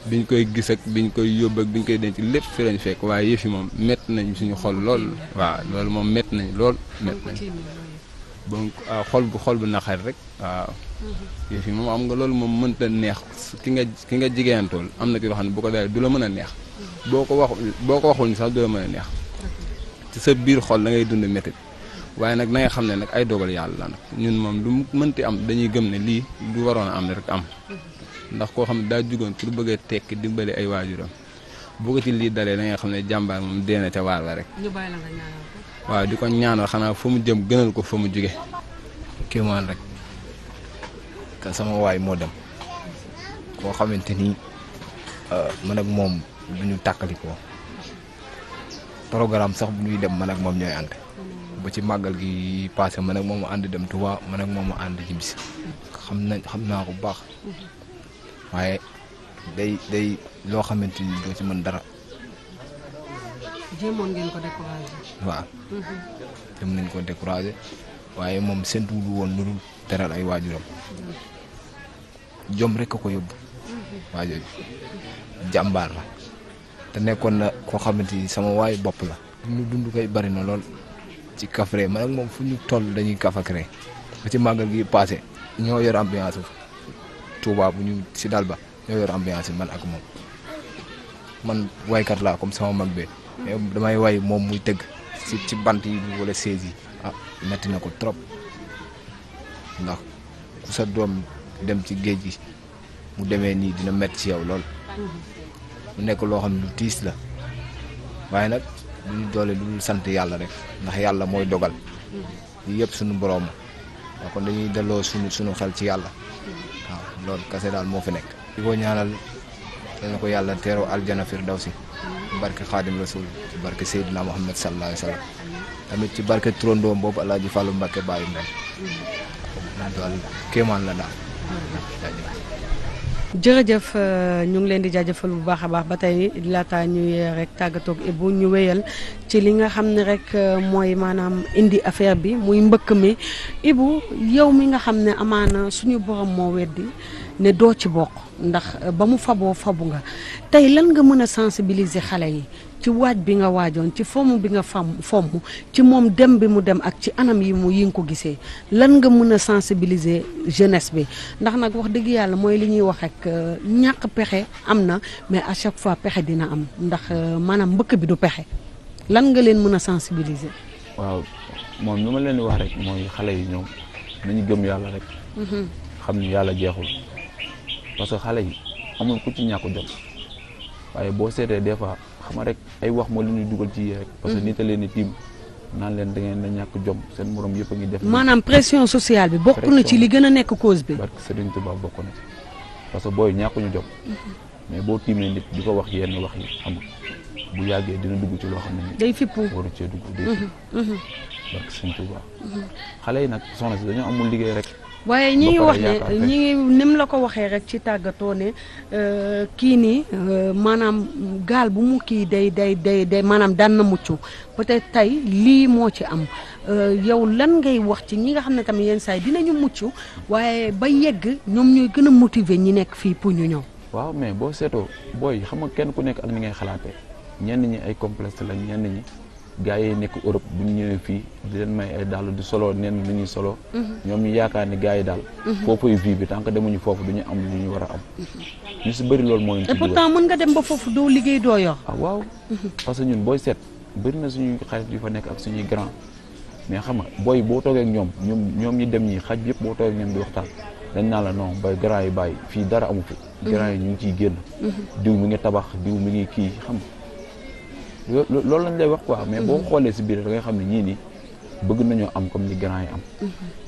biñ koy gis biñ koy yóbbu ak biñ koy denc lépp fi lañ fekk waaye yëf moom métti nañ suñu xol lool waaw loolu moom mett nañ lool métti nañ donc ah, xol bu xol bu naqar rek waaw. Mm-hmm. yëf yi moom am nga loolu moom mënta neex ki nga ki nga jigéentool am na ki loo xam ne boo ko dalee du la mën a neex. Mm-hmm. boo ko wax boo ko waxul ni sax du la mën a neex. ci sa biir xol da ngay dund métit waaye nag na nga xam ne nag ay dogal yàlla la nag ñun moom lu mënti am dañuy gëm ne lii du waroon a am rek am. Mm-hmm. ndax koo xam ne daa jugoon pour bëgg a tekki dimbali ay waajuram boo ko ci lii dalee da nga xam ne jàmbaar moom dee na ca waar rek. waaw di ko ñaanal xanaa fa mu jëm gënal ko fa mu jóge kéemaan rek ka sama waay moo dem koo xamante ni euh, man ak moom du ñu tàkkalikoo programme sax bu ñuy dem man ak moom ñooy ànd ba ci màggal gi passé man ak moom ànd dem Tuubaa man ak moom ànd jibisi xam nañ xam naa ko bu baax waaye day day loo xamante ni doo ci mën dara jéemoon ngeen ko nañ ko découragé waaye moom séntuwul woon lu teral ay waajuram. jom rek ko yóbbu. waajur jàmbaar la. te nekkoon na koo xamante ni sama waayu bopp la. ñu dund koy bari na lool ci kafre man ak moom fu ñu toll dañuy kafakre ba ci màggal gi passé ñoo yor ambiance bi bu ñu si dal ñoo yor ambiance bi man ak moom man waykat laa comme sama mag bee mais eh, damay way moom muy tëgg si ci bant yi wala sées yi ah metti na ko trop ndax ku sa doom dem ci géej gi mu demee nii dina metti ci yow lool mu nekk loo xam ne lu tiis la waaye nag lu ñu doole lu sant yàlla rek ndax yàlla mooy dogal lii yëpp sunu boroom waaw kon dañuy delloo suñu sunu xel ci yàlla waaw loolu kase daal moo fi nekk di ko ñaanal dana ko yàlla teeroo aljana firdawsi barke Xaadim Rasul ci barke Seydina Muhammad sallallahu alayhi wa tamit ci barke turandoom boobu El Hadj Fallou Mbacke Baye Mbaye moom daal kéemaan la daal jërëjëf euh, ñu ngi leen di jaajëfal bu baax a baax ba tey laata ñuy rek tàggatoog Ibou ñu wéyal ci li nga xam ne rek euh, mooy maanaam indi affaire bi muy mbëkk mi Ibou yow mi nga xam ne amaana suñu borom moo weddi ne doo ci bokk ndax ba mu faboo fabu nga tey lan nga mën a sensibiliser xale yi ci waaj bi nga waajoon ci fomm bi nga fam fomm ci moom dem bi mu dem ak ci anam yi mu yi nga ko gisee lan nga mën a sensibiliser jeunesse bi ndax nag wax dëgg yàlla mooy li ñuy wax ak euh, ñàkk pexe am na mais à chaque fois pexe dina am ndax euh, maanaam mbëkk bi du pexe lan nga leen mun a sensibiliser. waaw moom li ma leen di wax rek mooy xale yi ñoom nañu gëm yàlla rek. Mm-hmm. xam ni yàlla jeexul. parce que xale yi amul ku ci ñàkk jot waaye boo seetee des fois xama rek ay wax moo leen ñuy dugal ci rek. parce que mm. nit a leen di tiim naan leen da ngeen a ñàkk jom seen morom yëpp a ngi def. maanaam pression sociale bi bokk na ci li gën a nekk cause bi. barke Serigne Touba bokk na ci parce que booy ñàkkuñu jom. Mm-hmm. mais boo tiimee nit di ko wax yenn wax yi xam bu yàggee dina dugg ci loo xam ne. day fippu waru cee dugg day mm-hmm. fippu. Mm-hmm. barke Serigne xale yi nag soxna si dañoo amul liggéey rek. waaye ñi ngi wax ne ñi ngi nim la ko waxee rek ci tàggatoo ne euh, kii nii euh, maanaam gaal bu mu kii day day day day maanaam daan na mucc peut-être tey lii moo ci am euh, yow lan ngay wax ci ñi nga xam ne tamit yenn saa yi ñu mucc waaye ba yegg ñoom ñooy gën a motiver ñi nekk fii pour ñu ñëw. waaw mais boo seetoo booy xam nga kenn ku nekk ak ni ngay xalaatee ñenn ñi ay complexe lañ ñenn ñi. gars yi nekk Europe bu ñu ñëwee fii di leen may ay dàll di solo neen lu ñuy solo. ñoom ñu yaakaar ni gars yi daal. foofu vie bi tant demuñu foofu du ñu am lu ñu war a am. ñu si bëri loolu mooy ñu. te pourtant mën nga dem ba foofu doo liggéey doo yor. ah que ñun booy seet bëri na suñu xarit yu fa nekk ak suñuy grand mais xam nga booy boo toogee ñoom ñoom ñoom ñi dem ñi xaj yëpp boo toogee ak ñoom di waxtaan. dañ naa la non bay grand yi bàyyi fii dara amu fi. Mhm. grand yi ñu ngi ciy génn. Mhm. diw mi ngi tabax diw mi ngi kii xam loolu lañ lay wax quoi mais boo xoolee si biir da ngay xam ne ñii nii bëgg nañoo am comme ni grand yi am.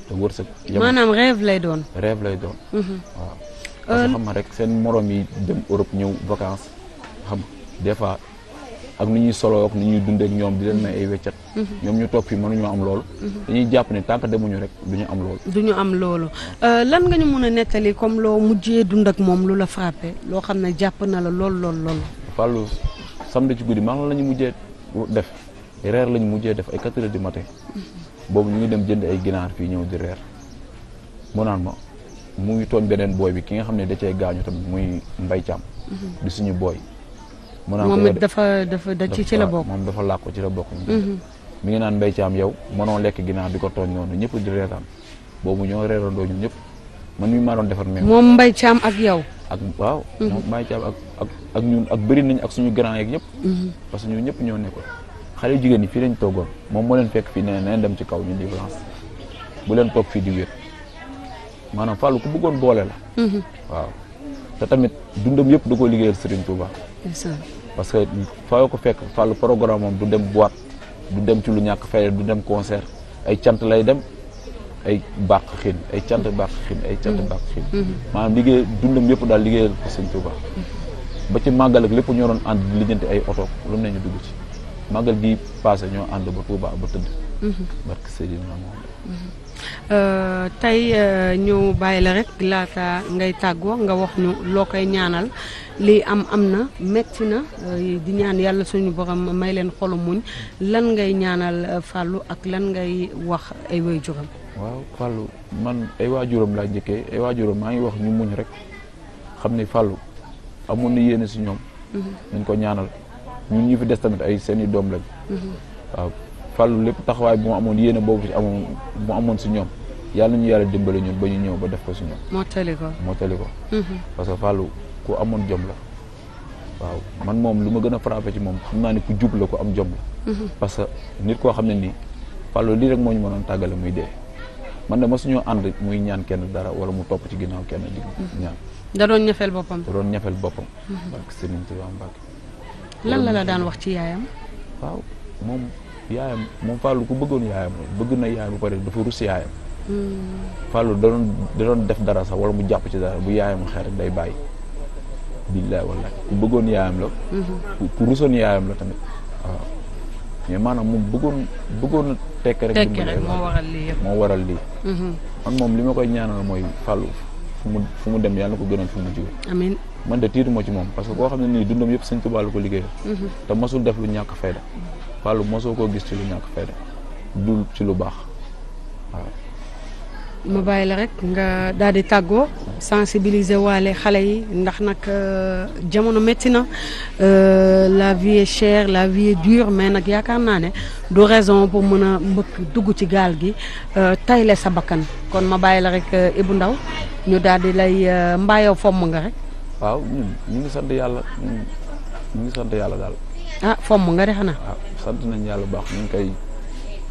te wërsëg. maanaam rêve lay doon. rêve lay doon. Mhm. waaw euh, rek seen morom yi dem ñëw vacances xam des fois ak ni ñuy solo ak ñuy dundee ñoom di leen may ay weccat. Mhm. ñu toog fii mënuñoo am loolu. Mhm. dañuy jàpp ne tant que demuñu rek duñu am loolu. duñu am loolu euh, lan nga ñu mën a nettali comme loo mujjee dund moom lu la frappé loo xam ne jàpp na la lool lool lool. samedi ci guddi maanaam la ñu mujjee def reer la mujjee def ay 4 heures du matin boobu ñu ngi dem jënd ay ginaar fii ñëw di reer mu naan ma mu ngi tooñ beneen booy bi ki nga xam ne da cee gaañu tamit muy mbay caam suñu booy mu naan moom dafa dafa da ci ci la bokk moom dafa làkk ci la bokk mu mhm. ngi naan mbay caam yow mënoo lekk ginaar di ko tooñ noonu ñëpp di reetaan boobu ñoo reerandoo ñun ñëpp man mii maa doon defar meew. moom Mbaye Thiam ak yow. ak waaw. ñoom mhm. Mbaye Thiam ak ak ak ñun ak bëri nañ ak suñu grand yeeg ñëpp. Mhm. parce que ñun ñëpp ñoo nekkoon. xale jigéen ñi fii lañ toogoon moom moo leen fekk fii nee na dem ci kaw ñu di balance bu leen toog fii di wér maanaam Fallou ku bëggoon boole la. Mhm. waaw te tamit dundam yëpp da koo liggéeyal Serigne Touba. parce que faa ko fekk Fallou programme am du dem boîte du dem ci lu ñàkk fayal du dem concert ay cant lay dem. ay bàq xiin ay cant bàq xiin ay cant bàq xin mm-hmm. mm-hmm. maanaam liggéey dundam yëpp daal liggéeyal ko sëñ Tuuba mm-hmm. ba ci màggal lépp ñoroon doon ànd ay oto lu ne ñu dugg ci màggal gi passé ñoo ànd ba Touba ba tëdd. Mhm. barke Seydina Mohamed. Mhm. Euh, tey euh, ñu bàyyi la rek laata ngay tàggoo nga wax ñu loo koy ñaanal lii am am na metti na euh, di ñaan yàlla suñu borom may leen xolu muñ lan ngay ñaanal fàllu ak lan ngay wax ay waajuram. waaw Fallou man ay waa waajuram laa njëkkee ay waajuram maa ngi wax ñu muñ rek xam ni Fallou amoon na yéene si ñoom. Mhm. nañ ko ñaanal. ñu ñu fi des tamit ay seeni doom lañ. waaw fàllu lépp taxawaay bu mu amoon yéene boobu ci amoon mu amoon si ñoom yàlla ñu yàlla dimbale ñun ba ñu ñëw ba def ko si ñoom. moo tali ko moo tali ko. Mm-hmm. parce que fàllu ku amoon jom la. waaw man moom lu ma gën a frappé ci moom xam naa ne ku jub la ku am jom la. Mm-hmm. parce que nit koo xam ne nii fàllu lii rek moo ñu mënoon tàggale muy dee. man de masuñoo ànd muy ñaan kenn dara wala mu topp ci ginnaaw kenn di mm-hmm. ñaan. da doon ñafeel boppam. da doon ñafeel boppam. barke Serigne Touba lan la la daan wax ci yaayam. waaw moom yaayam moom Fallou ku bëggoon yaayam la bëgg na yaayam bu pare dafa rus yaayam. Hmm. Fallou da doon def dara sax wala mu jàpp ci dara bu yaayam xeer day bàyyi. billaay bëggoon yaayam la. Hmm. ku rusoon yaayam la tamit mais maanaam moom bëggoon bëggoon tekk rek. tekk rek moo waral lii moo waral lii. man moom li ma koy ñaanal mooy Fallou fu mu fu mu dem yàlla ko gënal fu mu jóge. amiin. man de tiiruma ci moom parce que koo xam ne nii dundam yëpp sëñ Tuubaa la ko liggéeyal mhm. te mosul def lu ñàkk fayda wàllu mosoo koo gis ci lu ñàkk lu baax waaw ma bàyyi la rek nga daal di tàggoo sensibiliser waale xale yi ndax nag euh, jamono métti na euh, la vie est la vie est dure mais nag yaakaar naa ne du raison pour mën a mbëkk dugg ci gaal gi euh, tayle sa bakkan kon ma bàyyi la rek Ibou Ndaw ñu daal di lay mbaayoo fomm nga rek waaw ñun ñu ngi sant yàlla ñu ngi sant yàlla daal. ah fomm nga de xanaa. waaw ah, sant nañ yàlla baax ñu ngi koy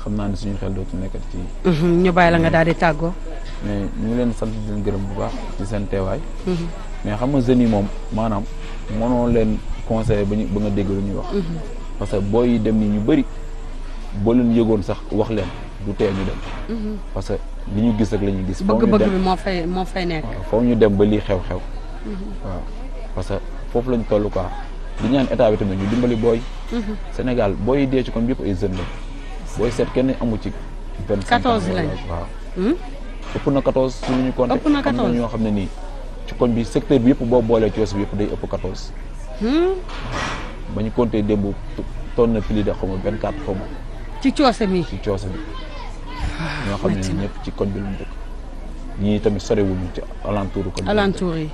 xam naa ne suñu xel dootu nekkati ci. Mhm, ñu bàyyi la nga daal di tàggoo. mais ñu ngi leen sant di leen gërëm bu baax ci seen teewaay. Mhm. mais xam nga jeunes yi moom maanaam mënoo leen conseiller ba ñu ba nga dégg lu ñuy wax. Mhm. parce que booy dem ni ñu bëri boo leen yëgoon sax wax leen du tee ñu dem. parce que li ñu gis rek la ñuy gis. bëgg-bëgg bi moo fay moo fay nekk. foofu ñu dem ba lii xew-xew. waaw parce que foofu lañ toll quoi di ñaan état bi tamit ñu dimbali booy. Mhm. Sénégal booy dee ci kon yëpp ay jeunes lañ booy seet kenn amu ci. vingt cinq ans lañ waaw. Hmm? na 14 suñu ñu na 14 ñoo xam ne nii ci koñ bi secteur bi yëpp boo boolee ci wes bi yëpp day ëpp 14. Hmm? ba ñu compté démb na plus de xaw ma 24 xaw ma. ci coose mi ci coose mi. Ah, ñoo xam ne ñëpp ci koñ bi lañ ñii tamit sorewuñu ci alentour. koñ alentour yi.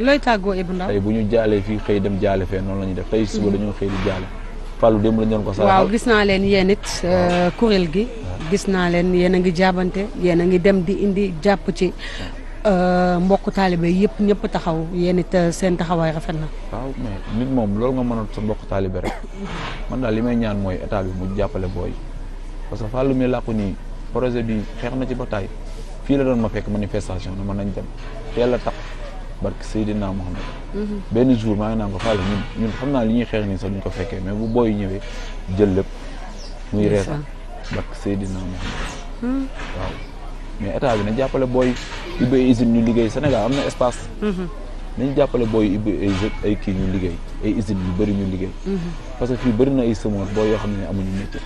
looy tàggoo Ibou Ndaw bu ñu jaalee fii xëy dem jaale fee noonu la ñuy def tey suba mm-hmm. dañoo xëy di jaale Fallou démb lañu doon ko saraxal waaw gis naa leen yéen it euh, kuréel gi gis naa leen yéen a ngi jaabante yéen a ngi dem di indi jàpp ci euh, mbokk taalibe yëpp ñëpp taxaw yéen it euh, seen taxawaay rafet na waaw mais nit moom loolu nga mënoon sa mbokk taalibe rek [COUGHS] man daal li may ñaan mooy état bi mu jàppale booy parce que Fallou mi làqu nii projet bi xeex na ci bataay fii la doon ma fekk manifestation na mën nañ dem teel a tax barke Seydina Mohamed. benn jour maa ngi naan ko Fallou xam naa li ñuy xeex nii sax duñ ko fekkee mais bu booy ñëwee jël muy reetaan barke Seydina Mohamed. Hmm. mais état bi na jàppale booy ubbi ay ñu liggéey Sénégal am na espace. Hmm. nañu jàppale booy ubbi ay ay kii ñu liggéey ay usines yu bëri ñu liggéey. Hmm. parce que fii bëri na ay semence booy yoo xam ne amuñu métier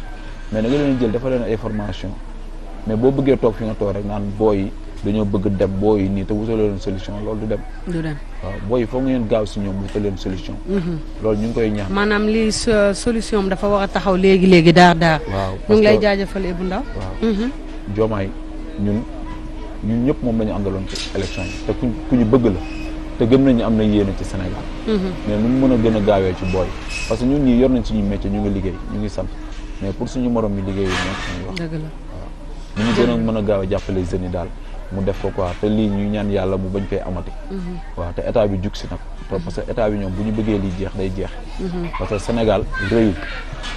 mais da leen jël dafa leen ay formation mais boo bëggee toog fi nga toog rek naan booy. dañoo bëgg dem booy yi nii te wutaloo leen solution loolu du dem. du dem waaw booy yi foog ngeen gaaw si ñoom wutal leen solution. Mhm. loolu ñu ngi koy ñaax. maanaam lii solution dafa war a taxaw léegi léegi daar daar. waaw ñu ngi lay jaajëfal Ibou Ndao. waaw mhm. ñun ñun ñëpp moom la ñu àndaloon ci élection yi te ku ñu bëgg la te gëm nañu am na yéene ci Sénégal. Mhm. mais nu mu mën a gën a gaawee ci booy parce que ñun ñii yor nañ suñu métier ñu ngi liggéey ñu ngi sant mais pour suñu morom yi liggéey yi moom. ñu ngi mën a gaaw a jàppale jeunes yi daal mu def ko quoi te lii ñuy ñaan yàlla mu bañ koy amati. Mhm. waaw te état bi jug si nag. parce que état bi ñoom bu ñu bëggee lii jeex day jeex. Mhm. parce que Sénégal réyul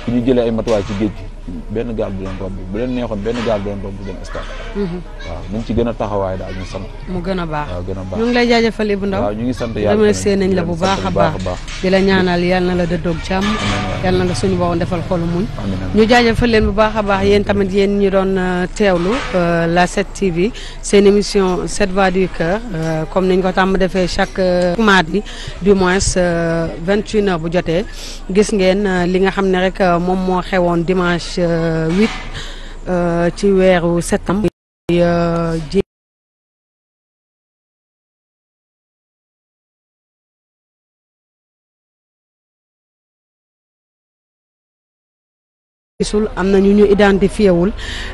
bu ñu jëlee ay matuwaay ci géej gi. benn gaal bu leen romb bu leen neexoon benn gaal bu leen romb dem stade. Mhm. waaw nañ ci gën a taxawaay mu gën a baax waaw a baax ngi lay jaajëfal Ibou ndaw waaw ñu ngi sant yàlla remercié nañ la bu baax a baax di la ñaanal yal na la dëddoog jàmm yal na la suñu borom defal xolu muñ ñu jaajafal leen bu baax a baax yéen tamit yéen ñi doon euh, teewlu euh, la 7 TV seen émission 7 voix du cœur euh, comme niñ ko tàmm defee chaque mardi du moins 21h bu jotee gis ngeen li nga xam ne rek moom moo xewoon dimanche Euh, huit euh, ci weeru septembre euh, gisul am na ñu ñu identifié wul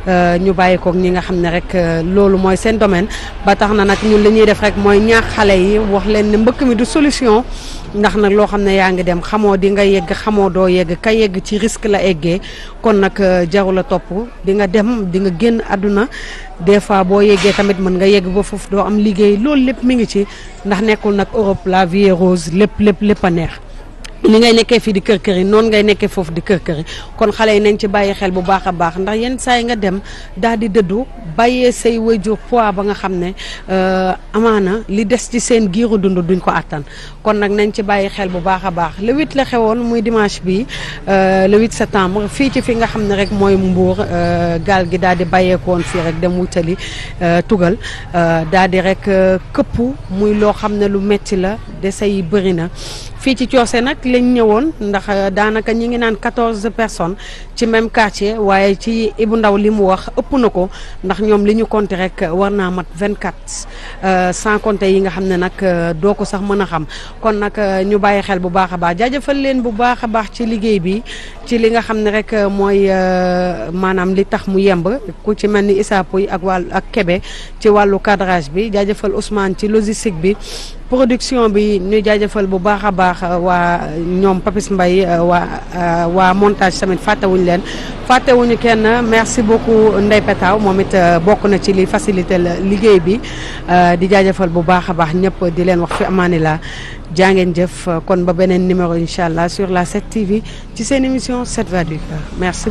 euh, ñu bàyyi koog nga xam ne rek euh, loolu mooy seen domaine ba tax na nag ñun li ñuy def rek mooy ñaax xale yi wax leen ne mbëkk mi du solution ndax nag loo xam ne yaa ngi dem xamoo di nga yegg xamoo doo yegg ka yegg ci risque la eggee kon nag euh, jaru la topp di nga dem di nga génn àdduna des fois boo yeggee tamit mën nga yegg ba foofu doo am liggéey loolu lépp mi ngi ci ndax nekkul nag Europe la vie rose lépp lépp lépp a neex li ngay nekkee fii di kër kër yi noonu ngay nekkee foofu di kër kër yi kon xale yi nañ ci bàyyi xel bu baax a baax ndax yenn saa yi nga dem daal di dëddu bàyyee say waajur pois ba nga xam ne euh, amaana li des ci seen giiru dund duñ ko attan kon nag nañ ci bàyyi xel bu baax a baax le 8 la xewoon muy dimanche bi euh, le 8 septembre fii ci fi nga xam ne rek mooy Mbour euh, gaal gi daal di bàyyeekoon fii rek dem wutali tugal daal di rek këpp muy loo xam ne lu metti la dese yi bëri na lañ ñëwoon ndax euh, daanaka ñi ngi naan quatorze personnes ci même quartier waaye ci Ibou Ndaw li mu wax ëpp na ko ndax ñoom li ñu compter rek war naa mat vingt quatre euh, sans compter yi nga xam ne nag euh, doo ko sax mën a xam kon nag ñu bàyyi xel bu baax a baax jaajëfal leen bu baax a baax ci liggéey bi ci li nga xam ne rek mooy maanaam li tax mu yemb ku ci mel ni Issa Pouye ak wàll ak kebe ci wàllu cadrage bi jaajëfal Ousmane ci logistique bi. production bi ñuy jaajëfal bu baax a baax euh, waa ñoom Papis mbay euh, waa euh, waa montage tamit fàttewuñu leen fàttewuñu kenn merci beaucoup Ndeye Pétaw moom it bokk na ci li facilité la liggéey bi di jaajëfal bu baax a baax ñëpp di leen wax fi amaani la ngeen jëf kon ba beneen numéro incha allah sur la 7 TV ci seen émission 7 voix du cœur merci